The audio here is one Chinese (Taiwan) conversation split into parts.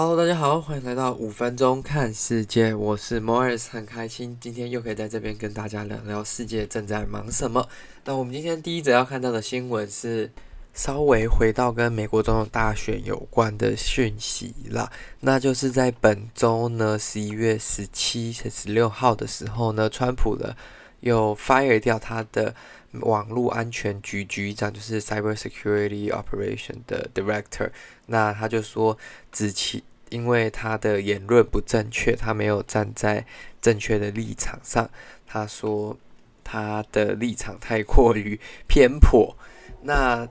Hello，大家好，歡迎來到五分鐘看世界，我是 Morris，很開心今天又可以在這邊跟大家聊聊世界正在忙什麼。那我們今天第一則要看到的新聞是稍微回到跟美國總統大選有關的訊息了，那就是在本周呢，十一月十七、十六號的時候呢，川普呢又 fire 掉他的。網絡安全局局長就是 Cyber Security Operation 的 Director，那他就說，子琪，因為他的言論不正確，他沒有站在正確的立場上。他說他的立場太過於偏頗。那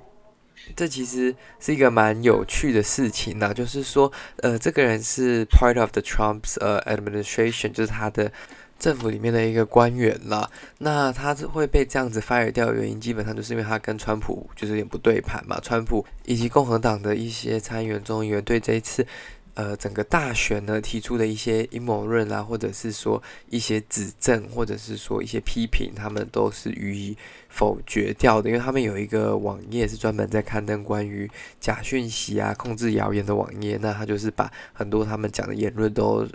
這其實是一個蠻有趣的事情呢、啊，就是說，呃，這個人是 part of the Trump's administration，就是他的。政府裡面的一個官員了，那他是會被這樣子 fire 掉的原因，基本上就是因為他跟川普就是有點不對盤嘛。川普以及共和黨的一些參議員、眾議員對這一次，呃，整個大選呢提出的一些陰謀論啊，或者是說一些指證，或者是說一些批評，他們都是予以否決掉的。因為他們有一個網頁是專門在刊登關於假訊息啊、控制謠言的網頁，那他就是把很多他們講的言論都。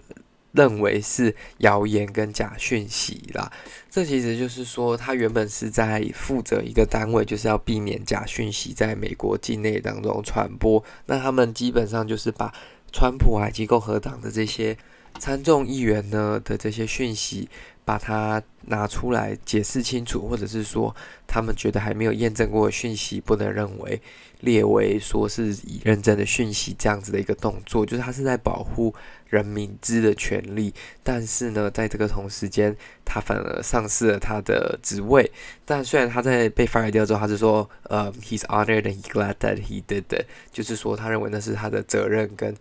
認為是謠言跟假訊息啦，這其實就是說，他原本是在負責一個單位，就是要避免假訊息在美國境內當中傳播。那他們基本上就是把川普以及共和黨的這些。參眾議員呢的這些訊息，把它拿出來解釋清楚，或者是說他們覺得還沒有驗證過的訊息，不能認為列為說是以認真的訊息這樣子的一個動作，就是他是在保護人民知的權利。但是呢，在這個同時間，他反而喪失了他的職位。但雖然他在被 fire 掉之後，他是說，呃、um,，he's honored and he's glad that he did it，就是說他認為那是他的責任跟。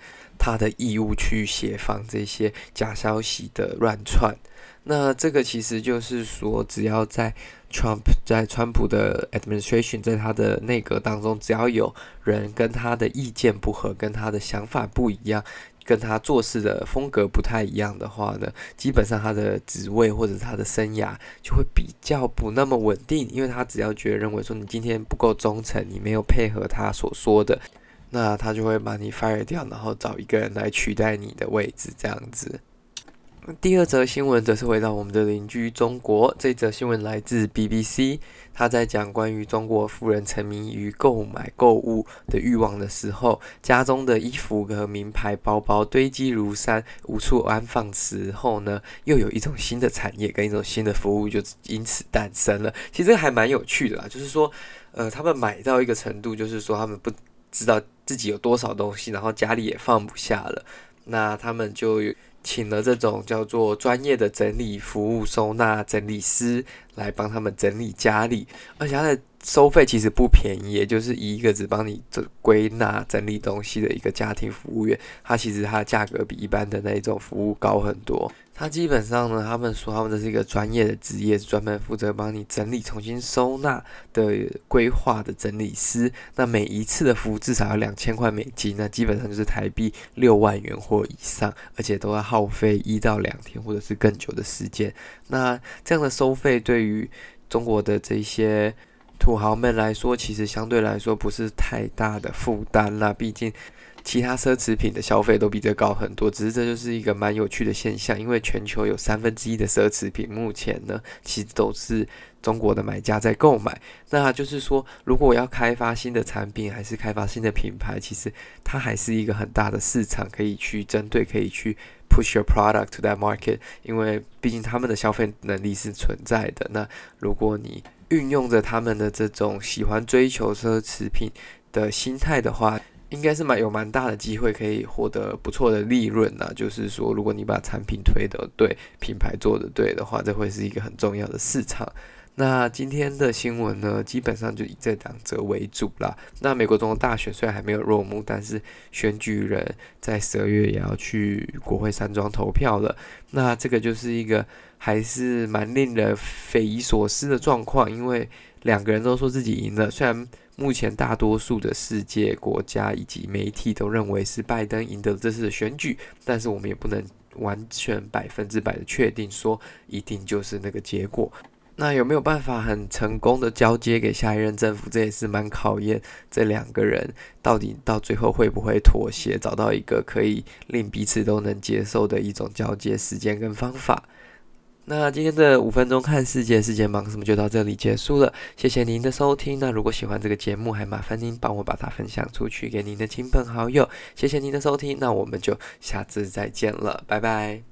他的義務去協防這些假消息的亂竄，那這個其實就是說，只要在 Trump，在川普的 administration 在他的內閣當中，只要有人跟他的意見不合、跟他的想法不一樣、跟他做事的風格不太一樣的話呢，基本上他的職位或者他的生涯，就會比較不那麼穩定，因為他只要覺得認為說你今天不夠忠誠，你沒有配合他所說的。那他就會把你 fire 掉，然後找一個人來取代你的位置，這樣子。第二則新聞則是回到我們的鄰居中國，這則新聞來自 BBC，他在講關於中國富人沉迷於購買購物的慾望的時候，家中的衣服和名牌包包堆積如山，無處安放時候呢，又有一種新的產業跟一種新的服務就因此誕生了。其實還蠻有趣的啦，就是說，呃，他們買到一個程度，就是說他們不。知道自己有多少東西，然後家裡也放不下了，那他們就請了這種叫做專業的整理服務收納整理師。來幫他們整理家裡，而且他的收費其實不便宜，也就是一個只幫你整歸納整理東西的一個家庭服務員，他其實他的價格比一般的那一種服務高很多。他基本上呢，他們說他們這是一個專業的職業，是專門負責幫你整理重新收納的規劃的整理師。那每一次的服務至少要兩千塊美金，那基本上就是台幣六萬元或以上，而且都要耗費一到兩天或者是更久的時間。那這樣的收費對對於中國的這些土豪們來說，其實相對來說不是太大的負擔啦。畢竟，其他奢侈品的消費都比這高很多。只是這就是一個蠻有趣的現象，因為全球有三分之一的奢侈品，目前呢其實都是中國的買家在購買。那就是說，如果我要開發新的產品，還是開發新的品牌，其實它還是一個很大的市場可以去針對，可以去。Push your product to that market，因為畢竟他們的消費能力是存在的。那如果你運用着他們的這種喜歡追求奢侈品的心態的話，應該是蠻有蠻大的機會可以獲得不錯的利潤呢、啊。就是說，如果你把產品推得對，品牌做得對的話，這會是一個很重要的市場。那今天的新聞呢，基本上就以這兩則為主了。那美國總統大選雖然還沒有落幕，但是選舉人在十二月也要去國會山莊投票了。那這個就是一個還是蠻令人匪夷所思的狀況，因為兩個人都說自己贏了。雖然目前大多數的世界國家以及媒體都認為是拜登贏得了這次的選舉，但是我們也不能完全百分之百的確定說一定就是那個結果。那有沒有辦法很成功的交接給下一任政府？這也是蠻考驗這兩個人到底到最後會不會妥協，找到一個可以令彼此都能接受的一種交接時間跟方法。那今天的五分鐘看世界，世界忙什麼就到這裡結束了。謝謝您的收聽。那如果喜歡這個節目，還麻煩您幫我把它分享出去給您的親朋好友。謝謝您的收聽，那我們就下次再見了，拜拜。